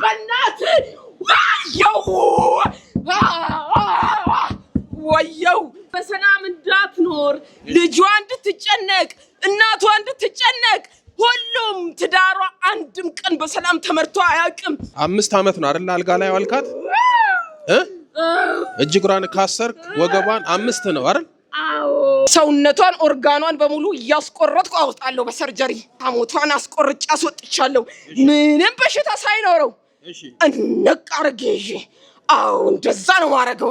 ወየው ወየው በሰላም እንዳትኖር ልጇ እንድትጨነቅ እናቷ እንድትጨነቅ ሁሉም ትዳሯ አንድም ቀን በሰላም ተመርቶ አያውቅም። አምስት ዓመት ነው አይደል? አልጋ ላይ ዋልካት እጅ ካሰርክ ወገቧን አምስት ነው አይደል? ሰውነቷን ኦርጋኗን በሙሉ እያስቆረጥኩ አውጣለሁ በሰርጀሪ ታሞቷን አስቆርጬ አስወጥቻለሁ፣ ምንም በሽታ ሳይኖረው እሺ እንቅ አድርጌ አዎ እንደዛ ነው ማረገው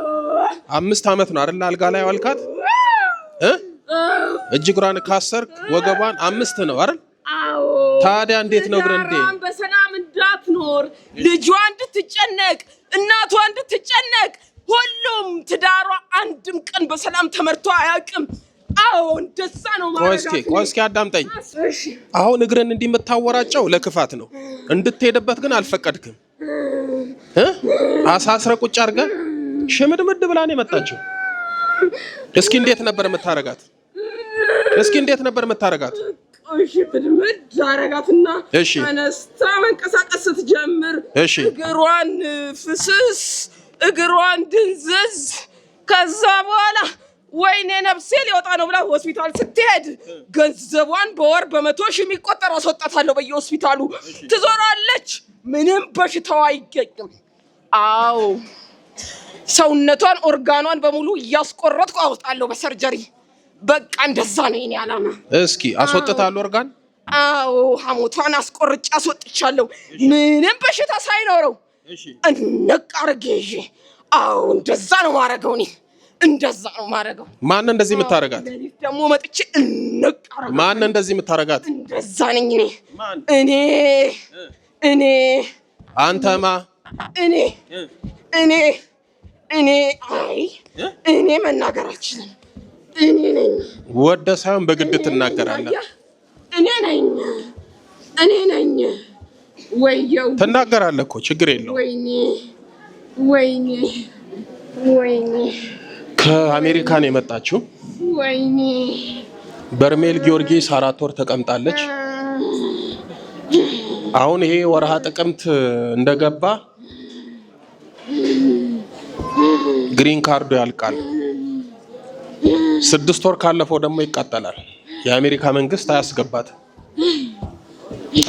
አምስት ዓመት ነው አይደል? አልጋ ላይ ዋልካት እ እጅ ካሰርክ ወገቧን አምስት ነው አይደል? ታዲያ እንዴት ነው ግን እንዴ በሰላም እንዳትኖር ልጇ እንድትጨነቅ እናቷ እንድትጨነቅ ሁሉም ትዳሯ አንድም ቀን በሰላም ተመርቶ አያውቅም። አዎ እንደዛ ነው ማለት ነው። ቆይ እስኪ አዳምጠኝ። አሁን እግርን እንዲህ የምታወራጨው ለክፋት ነው። እንድትሄድበት ግን አልፈቀድክም እ አሳስረ ቁጭ አድርገህ ሽምድምድ ብላ ነው የመጣችው። እስኪ እንዴት ነበር የምታረጋት? እስኪ እንዴት ነበር የምታረጋት? ሽምድምድ አረጋትና ተነስታ መንቀሳቀስ ስትጀምር እግሯን ፍስስ፣ እግሯን ድንዝዝ። ከዛ በኋላ ወይኔ ነፍሴ ሊወጣ ነው ብላ ሆስፒታል ስትሄድ ገንዘቧን በወር በመቶ ሺህ የሚቆጠር አስወጣታለሁ በየሆስፒታሉ ትዞራለች። ምንም በሽታዋ አይገኝም። አዎ ሰውነቷን ኦርጋኗን በሙሉ እያስቆረጥኩ አውጣለሁ በሰርጀሪ። በቃ እንደዛ ነው የኔ አላማ። እስኪ አስወጥታለሁ ኦርጋን። አዎ ሐሞቷን አስቆርጬ አስወጥቻለሁ፣ ምንም በሽታ ሳይኖረው እንቅ አድርጌ ይዤ። አዎ እንደዛ ነው ማረገው እኔ እንደዛ ነው ማረገው። ማን እንደዚህ የምታረጋት? ደግሞ መጥቼ እንቅ አረጋት። ማን እንደዚህ የምታረጋት? እንደዛ ነኝ እኔ እኔ እኔ አንተማ እኔ እኔ እኔ አይ እኔ መናገር አልችልም። እኔ ነኝ ወደ ሳይሆን በግድ ትናገራለህ። እኔ ነኝ እኔ ነኝ። ወየው ትናገራለህ እኮ ችግር የለው። ወይኔ ወይኔ ወይኔ ከአሜሪካ ነው የመጣችው። ወይኔ በርሜል ጊዮርጊስ አራት ወር ተቀምጣለች። አሁን ይሄ ወርሃ ጥቅምት እንደገባ ግሪን ካርዱ ያልቃል። ስድስት ወር ካለፈው ደግሞ ይቃጠላል። የአሜሪካ መንግስት አያስገባት።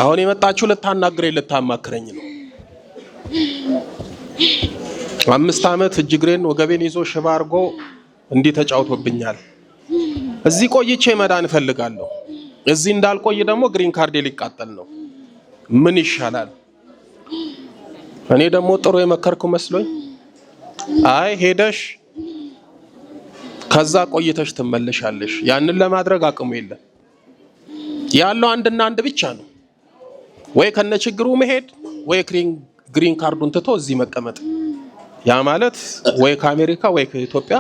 አሁን የመጣችሁ ልታናግረኝ ልታማክረኝ ነው። አምስት ዓመት እጅ ወገቤን ይዞ ሽባ አድርጎ እንዲህ ተጫውቶብኛል። እዚህ ቆይቼ መዳን እፈልጋለሁ። እዚህ እንዳልቆይ ደግሞ ግሪን ካርዴ ሊቃጠል ነው። ምን ይሻላል? እኔ ደግሞ ጥሩ የመከርኩ መስሎኝ አይ ሄደሽ ከዛ ቆይተሽ ትመለሻለሽ። ያንን ለማድረግ አቅሙ የለም። ያለው አንድና አንድ ብቻ ነው፣ ወይ ከነ ችግሩ መሄድ ወይ ግሪን ካርዱን ትቶ እዚህ መቀመጥ። ያ ማለት ወይ ከአሜሪካ ወይ ከኢትዮጵያ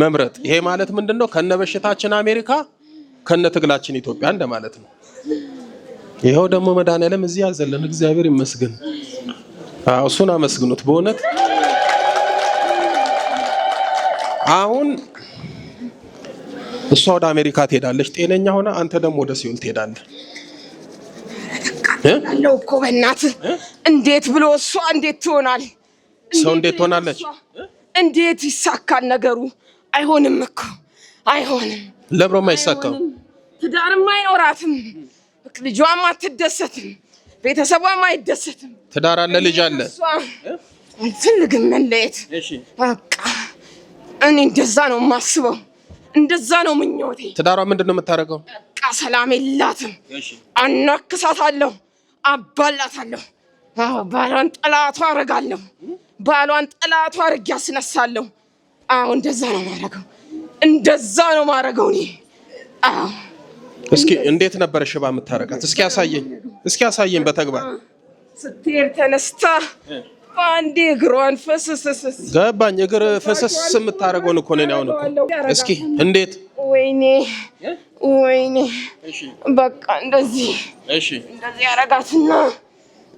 መምረጥ። ይሄ ማለት ምንድን ነው? ከነ በሽታችን አሜሪካ ከነ ትግላችን ኢትዮጵያ እንደማለት ነው። ይኸው ደግሞ መድኃኒዓለም እዚህ ያዘለን፣ እግዚአብሔር ይመስገን። እሱን አመስግኑት በእውነት አሁን እሷ ወደ አሜሪካ ትሄዳለች ጤነኛ ሆነ፣ አንተ ደግሞ ወደ ሲኦል ትሄዳለህ። አለው እኮ በእናትህ እንዴት ብሎ እሷ እንዴት ትሆናል? ሰው እንዴት ትሆናለች? እንዴት ይሳካል ነገሩ? አይሆንም እኮ አይሆንም። ለብሮማ አይሳካው። ትዳርም አይኖራትም፣ ልጇም አትደሰትም፣ ቤተሰቧም አይደሰትም። ትዳር አለ፣ ልጅ አለ፣ አልፈልግም መለየት በቃ እኔ እንደዛ ነው የማስበው፣ እንደዛ ነው ምኞቴ። ትዳሯ ምንድን ነው የምታደርገው? በቃ ሰላም የላትም። አናክሳታለሁ፣ አባላታለሁ። ባሏን ጠላቷ አረጋለሁ። ባሏን ጠላቷ አርግ ያስነሳለሁ። አዎ እንደዛ ነው ማረገው፣ እንደዛ ነው ማረገው እኔ። አዎ እስኪ እንዴት ነበረ ሽባ የምታረጋት? እስኪ ያሳየኝ፣ እስኪ ያሳየኝ በተግባር ስትሄድ ተነስታ በአንዴ እግሯን ፍስስስስ ገባኝ። እግር ፍስስ የምታደርገውን እኮ ነኝ። አሁን እኮ እስኪ እንዴት? ወይኔ ወይኔ፣ በቃ እንደዚህ እንደዚህ ያረጋትና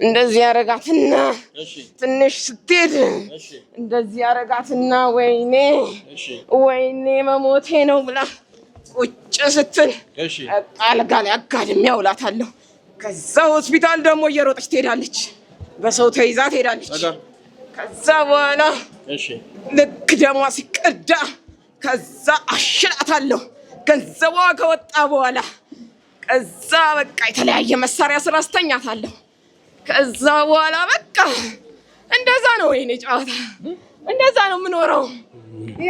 እንደዚህ ያረጋትና ትንሽ ስትሄድ እንደዚህ ያረጋትና ወይኔ ወይኔ መሞቴ ነው ብላ ቁጭ ስትል አልጋ ላይ አጋድሜ ያውላታለሁ። ከዛ ሆስፒታል ደግሞ እየሮጠች ትሄዳለች። በሰው ተይዛ ትሄዳለች። ከዛ በኋላ ልክ ደሟ ሲቀዳ ከዛ አሽላታለሁ። ገንዘቧ ከወጣ በኋላ ከዛ በቃ የተለያየ መሳሪያ ስራ አስተኛታለሁ። ከዛ በኋላ በቃ እንደዛ ነው ወይኔ ጨዋታ፣ እንደዛ ነው የምኖረው።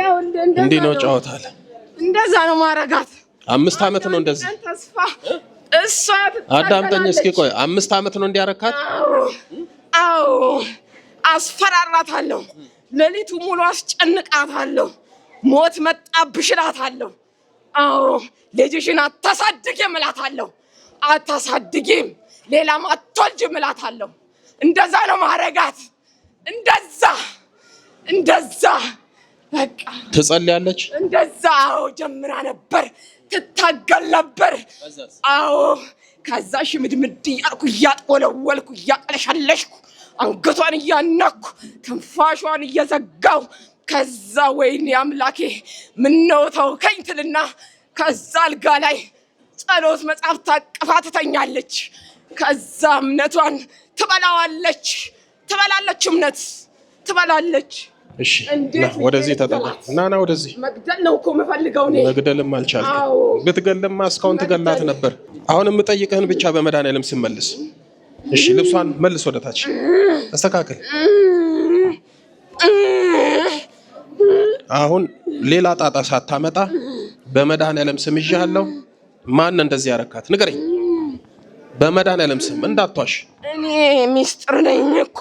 ያው እንዲህ ነው ጨዋታ፣ እንደዛ ነው ማረጋት። አምስት አመት ነው እንደዚህ ተስፋ እሷ አዳምጠኝ እስኪ ቆይ አምስት ዓመት ነው እንዲያረካት? አዎ አስፈራራታለሁ። ሌሊቱ ሙሉ አስጨንቃታለሁ። ሞት መጣብሽ እላታለሁ። አዎ ልጅሽን አታሳድጊም እላታለሁ። አታሳድጊም ሌላም አትወልጂም እላታለሁ። እንደዛ ነው ማረጋት። እንደዛ እንደዛ በቃ ትጸልያለች። እንደዛ አዎ ጀምራ ነበር እታገል ነበር። አዎ ከዛ ሽምድምድ እያልኩ እያጥወለወልኩ እያቀለሻለሽኩ አንገቷን እያናኩ ትንፋሿን እየዘጋው ከዛ ወይኔ አምላኬ ምነው ተውከኝ ትልና ከዛ አልጋ ላይ ጸሎት መጽሐፍ ታቅፋ ትተኛለች። ከዛ እምነቷን ትበላዋለች። ትበላለች እምነት ትበላለች። እሺ ወደዚህ ተጠጋ እና ና ወደዚህ። መግደል ነው እኮ የምፈልገው እኔ። መግደልም አልቻልኩም። ብትገልማ እስካሁን ትገላት ነበር። አሁን የምጠይቅህን ብቻ በመድኃኒዓለም ስመልስ። እሺ ልብሷን መልስ፣ ወደታች አስተካክል። አሁን ሌላ ጣጣ ሳታመጣ በመድኃኒዓለም ስም ይዣለሁ። ማን እንደዚህ ያረካት ንገረኝ። በመድኃኒዓለም ስም እንዳቷሽ። እኔ ሚስጥር ነኝ እኮ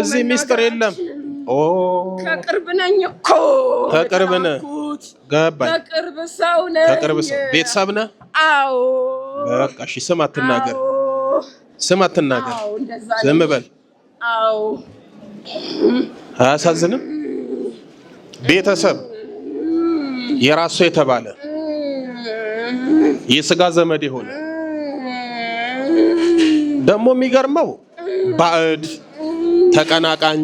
እዚህ ሚስጥር የለም። ከቅርብ ነኝ እኮ ከቅርብ ነህ። ገባኝ። ከቅርብ ሰው ነህ። ከቅርብ ሰው ቤተሰብ ነህ። አዎ በቃ እሺ። ስም አትናገር፣ ስም አትናገር፣ ዝም በል። አዎ አያሳዝንም? ቤተሰብ የራሱ የተባለ የስጋ ዘመድ የሆነ ደግሞ የሚገርመው ባዕድ ተቀናቃኝ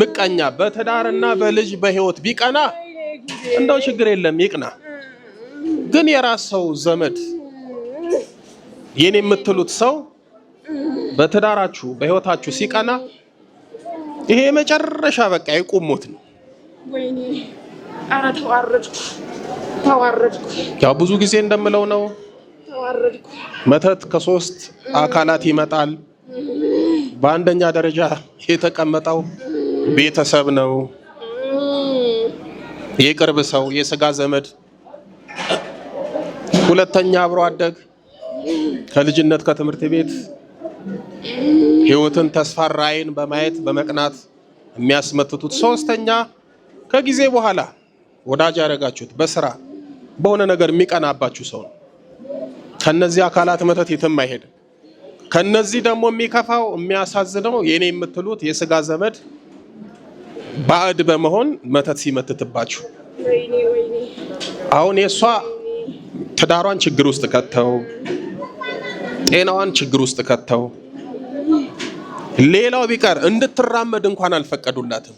ምቀኛ በትዳርና በልጅ በህይወት ቢቀና እንደው ችግር የለም ይቅና። ግን የራስ ሰው ዘመድ የኔ የምትሉት ሰው በትዳራችሁ በህይወታችሁ ሲቀና ይሄ መጨረሻ በቃ የቁሞት ነው። ያው ብዙ ጊዜ እንደምለው ነው። መተት ከሶስት አካላት ይመጣል። በአንደኛ ደረጃ የተቀመጠው ቤተሰብ ነው፣ የቅርብ ሰው፣ የስጋ ዘመድ። ሁለተኛ አብሮ አደግ ከልጅነት ከትምህርት ቤት ህይወትን ተስፋ ራዕይን በማየት በመቅናት የሚያስመትቱት። ሶስተኛ ከጊዜ በኋላ ወዳጅ ያደረጋችሁት በስራ በሆነ ነገር የሚቀናባችሁ ሰው ነው። ከነዚህ አካላት መተት የትም አይሄድም። ከነዚህ ደግሞ የሚከፋው የሚያሳዝነው የኔ የምትሉት የስጋ ዘመድ ባዕድ በመሆን መተት ሲመትትባችሁ አሁን የእሷ ትዳሯን ችግር ውስጥ ከተው፣ ጤናዋን ችግር ውስጥ ከተው፣ ሌላው ቢቀር እንድትራመድ እንኳን አልፈቀዱላትም።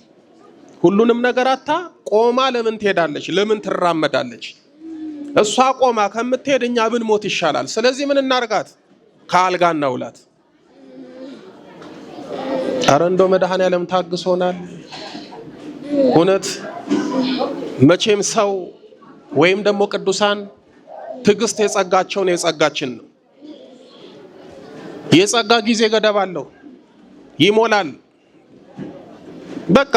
ሁሉንም ነገር አታ ቆማ ለምን ትሄዳለች? ለምን ትራመዳለች? እሷ ቆማ ከምትሄድ እኛ ብን ሞት ይሻላል። ስለዚህ ምን እናርጋት? ከአልጋ እናውላት። አረ እንደው መድኃኔዓለም ታግሶናል። እውነት መቼም ሰው ወይም ደግሞ ቅዱሳን ትዕግስት የጸጋቸውን የጸጋችን ነው። የጸጋ ጊዜ ገደብ አለው፣ ይሞላል። በቃ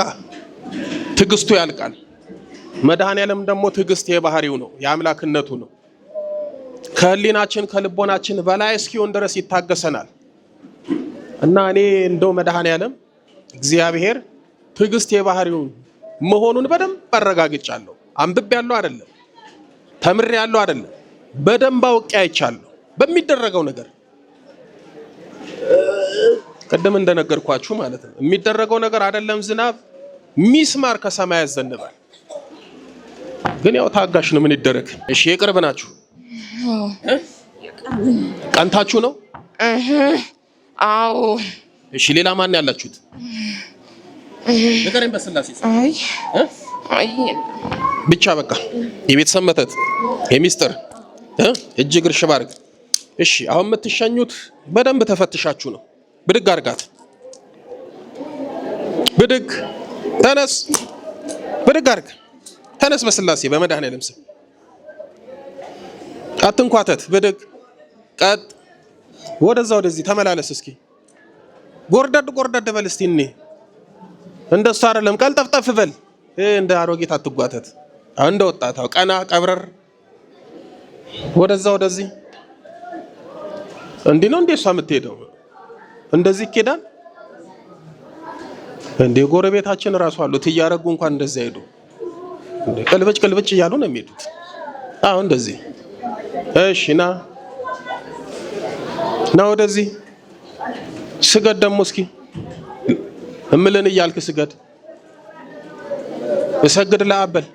ትዕግስቱ ያልቃል። መድኃኔዓለም ደግሞ ትዕግስት የባህሪው ነው፣ የአምላክነቱ ነው። ከህሊናችን ከልቦናችን በላይ እስኪሆን ድረስ ይታገሰናል። እና እኔ እንደው መድኃኔዓለም እግዚአብሔር ትዕግስት የባህሪውን መሆኑን በደንብ አረጋግጫለሁ። አንብቤ ያለው አይደለም፣ ተምሬ ያለው አይደለም፣ በደንብ አውቄ አይቻለሁ በሚደረገው ነገር ቅድም እንደነገርኳችሁ ማለት ነው። የሚደረገው ነገር አይደለም። ዝናብ ሚስማር ከሰማይ ያዘንባል። ግን ያው ታጋሽ ነው። ምን ይደረግ? እሺ፣ የቅርብ ናችሁ። ቀንታችሁ ነው? አዎ። እሺ፣ ሌላ ማን ያላችሁት? ብቻ በቃ የቤተሰብ መተት የሚስጥር እጅ እግር ሽባ አድርግ። እሺ አሁን የምትሸኙት በደንብ ተፈትሻችሁ ነው። ብድግ አድርጋት፣ ብድግ ተነስ፣ ብድግ አድርግ፣ ተነስ። በስላሴ በመድኃኔዓለም ስም አትንኳተት። ብድግ ቀጥ፣ ወደዛ ወደዚህ ተመላለስ። እስኪ ጎርደድ ጎርደድ በል እስቲ እኔ እንደሱ አይደለም። ቀልጠፍጠፍ በል እንደ አሮጌት አትጓተት። እንደ ወጣታው ቀና ቀብረር ወደዛ ወደዚህ። እንዲህ ነው እንዴ እሷ የምትሄደው? እንደዚህ ይኬዳል እንዴ? ጎረቤታችን እራሱ አሉት እያደረጉ እንኳን እንደዚህ አይሄዱ። ቅልብጭ ቅልብጭ እያሉ ነው የሚሄዱት። አዎ እንደዚህ እሺ፣ ና ና ወደዚህ ስገድ ደግሞ እስኪ እምልን እያልክ ስገድ። እሰግድ ለአብ በል፣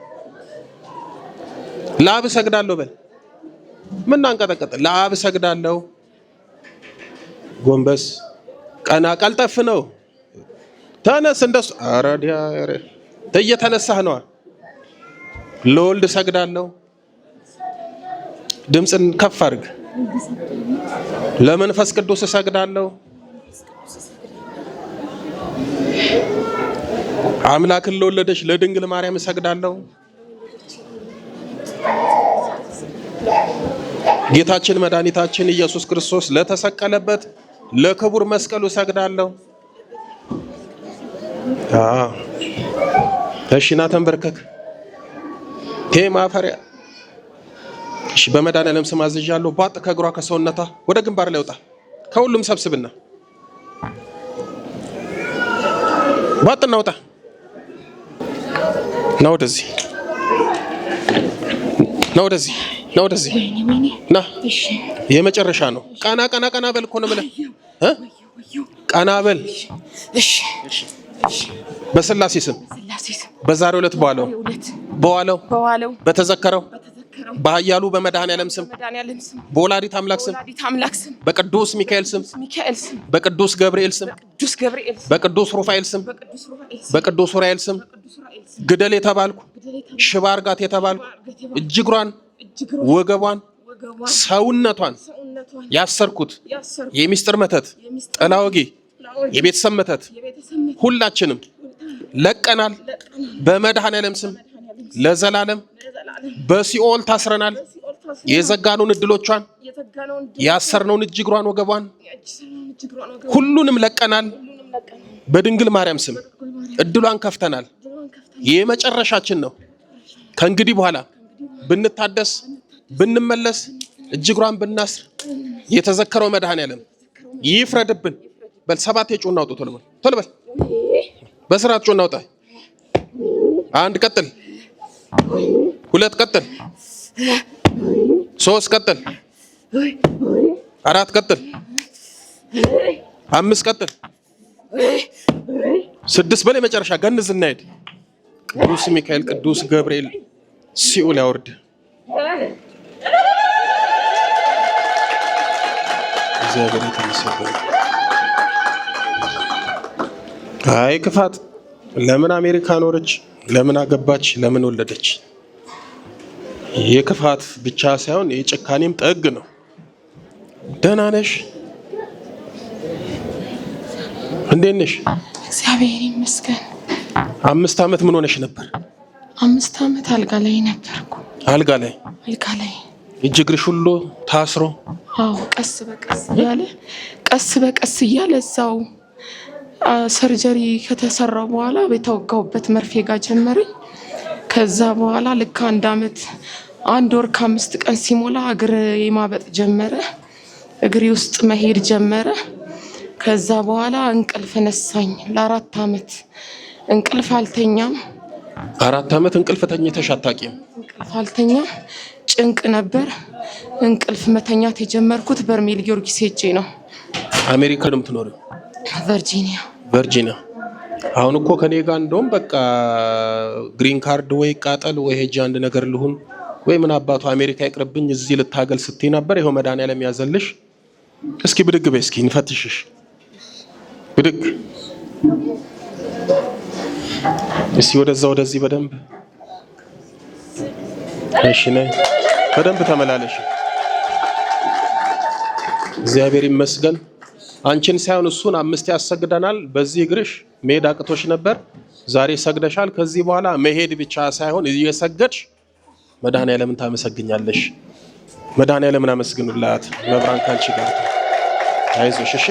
ለአብ እሰግዳለሁ በል። ምን አንቀጠቀጥ? ለአብ እሰግዳለሁ። ጎንበስ ቀና፣ ቀልጠፍ ነው። ተነስ፣ እንደሱ አራዲያ እየተነሳህ ነዋ። ለወልድ እሰግዳለሁ። ድምፅን ከፍ አድርግ። ለመንፈስ ቅዱስ እሰግዳለሁ። አምላክን ለወለደች ለድንግል ማርያም እሰግዳለሁ። ጌታችን መድኃኒታችን ኢየሱስ ክርስቶስ ለተሰቀለበት ለክቡር መስቀሉ እሰግዳለሁ። እሺ ና ተንበርከክ። ቴ ማፈሪያ እሺ። በመድኃኒዓለም ስም አዝዣለሁ። ባጥ ከእግሯ ከሰውነቷ ወደ ግንባር ላይ ወጣ። ከሁሉም ሰብስብና ባጥ እናውጣ ና ወደዚህ ና ወደዚህ ና ወደዚህ ና። የመጨረሻ ነው። ቀና ቀና ቀና በል እኮ ነው የምልህ። ቀና በል በስላሴ ስም በዛሬው ዕለት በዋለው በዋለው በተዘከረው በኃያሉ በመድኃኔዓለም ስም በወላዲት አምላክ ስም በቅዱስ ሚካኤል ስም በቅዱስ ገብርኤል ስም በቅዱስ ሩፋኤል ስም በቅዱስ ኡራኤል ስም ግደል የተባልኩ ሽባ እርጋት የተባልኩ እጅግሯን ወገቧን ሰውነቷን ያሰርኩት የሚስጥር መተት ጥላ የቤተሰብ መተት ሁላችንም ለቀናል። በመድኃኔዓለም ስም ለዘላለም በሲኦል ታስረናል። የዘጋነውን እድሎቿን ያሰርነውን እጅግሯን ወገቧን ሁሉንም ለቀናል። በድንግል ማርያም ስም እድሏን ከፍተናል። የመጨረሻችን ነው። ከእንግዲህ በኋላ ብንታደስ ብንመለስ እጅግሯን ብናስር የተዘከረው መድኃኔዓለም ይፍረድብን። በል ሰባት የጮና እናውጡ። ቶሎ በል ቶሎ በል በስርዓት ጮና አውጣ። አንድ ቀጥል፣ ሁለት ቀጥል፣ ሶስት ቀጥል፣ አራት ቀጥል፣ አምስት ቀጥል፣ ስድስት በል። የመጨረሻ ገንዝ እናሄድ ቅዱስ ሚካኤል፣ ቅዱስ ገብርኤል ሲኦል ያወርድ። እግዚአብሔር የተመሰገነ። አይ ክፋት! ለምን አሜሪካ ኖረች? ለምን አገባች? ለምን ወለደች? የክፋት ብቻ ሳይሆን የጭካኔም ጠግ ነው። ደህና ነሽ? እንዴት ነሽ? እግዚአብሔር ይመስገን። አምስት ዓመት ምን ሆነሽ ነበር? አምስት ዓመት አልጋ ላይ ነበርኩ። አልጋ ላይ አልጋ ላይ እጅ እግርሽ ሁሉ ታስሮ? አዎ፣ ቀስ በቀስ እያለ ቀስ በቀስ እያለ እዛው ሰርጀሪ ከተሰራው በኋላ የተወጋውበት መርፌ ጋር ጀመረኝ። ከዛ በኋላ ልክ አንድ ዓመት አንድ ወር ከአምስት ቀን ሲሞላ እግር የማበጥ ጀመረ። እግሬ ውስጥ መሄድ ጀመረ። ከዛ በኋላ እንቅልፍ ነሳኝ ለአራት ዓመት እንቅልፍ አልተኛም። አራት ዓመት እንቅልፍ ተኝተሽ አታውቂም? እንቅልፍ አልተኛም። ጭንቅ ነበር። እንቅልፍ መተኛት የጀመርኩት በርሜል ጊዮርጊስ ሄጄ ነው። አሜሪካ ነው የምትኖሪው? ቨርጂኒያ። ቨርጂኒያ። አሁን እኮ ከኔ ጋር እንደውም በቃ ግሪን ካርድ ወይ ቃጠል ወይ ሄጄ አንድ ነገር ልሁን ወይ ምን አባቱ አሜሪካ ይቅርብኝ፣ እዚህ ልታገል ስትይ ነበር። ይኸው መድኃኒዓለም ያዘልሽ። እስኪ ብድግ በይ፣ እስኪ እንፈትሽሽ። ብድግ እስቲ ወደዛ ወደዚህ በደንብ እሺ፣ ነይ በደንብ ተመላለሽ። እግዚአብሔር ይመስገን። አንቺን ሳይሆን እሱን አምስት ያሰግደናል። በዚህ እግርሽ መሄድ አቅቶሽ ነበር፣ ዛሬ ሰግደሻል። ከዚህ በኋላ መሄድ ብቻ ሳይሆን እየሰገድሽ መድኃኔዓለምን ታመሰግኛለሽ። መድኃኔዓለምን አመስግኑላት። መብራን ካንቺ ጋር አይዞሽ እሺ።